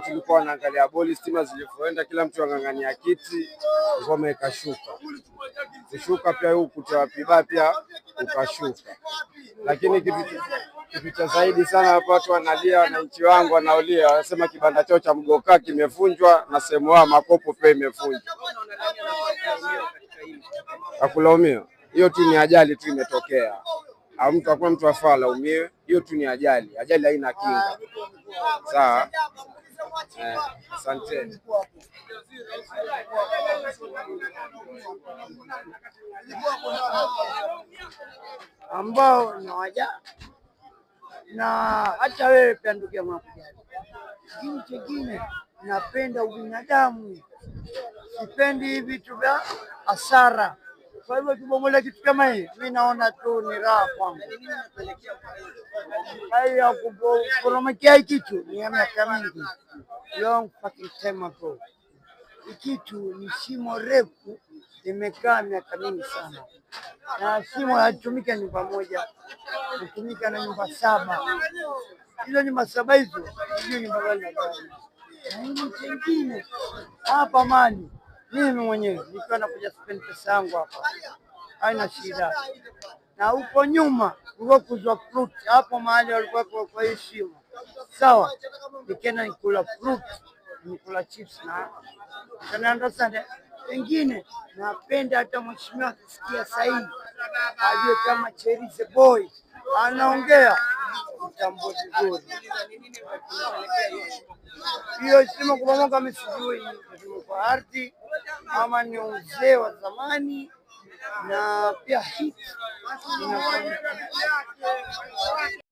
tulikuwa walikuwa wanaangalia boli, stima zilivyoenda, kila mtu ang'ang'ania kiti, ngoma ikashuka. Kushuka pia huu kutoa wa pia ukashuka, lakini kitu cha zaidi sana hapa, watu wanalia, wananchi wangu wanaolia, wanasema kibanda chao cha mgokaa kimevunjwa na sehemu yao makopo pia imevunjwa. akulaumiwa hiyo tu ni ajali tu imetokea mtu, hakuna mtu afaa alaumiwe, hiyo tu ni ajali. Ajali haina kinga, sawa. Asanteni. ambao nawaja na hata wewe pia ndugu yangu nakujali. Kitu kingine napenda ubinadamu, sipendi vitu vya hasara. Kwa hivyo kibomola kitu kama hii, mi naona tu ni raha kwangu. Hai ya kuporomokia ikitu ni ya miaka mingi, long fucking time ago. Ikitu ni shimo refu, imekaa miaka mingi sana, na shimo yatumika nyumba moja, natumika na nyumba saba. Hizo nyumba saba hizo, hiyo nyumba gani? Chengine hapa mani mimi mwenyewe nikiwa nakuja spend pesa yangu hapa, haina shida. Na huko nyuma kulikuwa fruit hapo mahali walikuwa kwa kwa heshima sawa, nikienda nikula fruit, nikula chips na sana pengine napenda hata mheshimiwa akisikia sahihi, ajue kama Cherize Boy anaongea mtambo vizuri. Hiyo heshima kupomoka, mimi sijui kwa ardhi ama ni uzee wa zamani na pia hit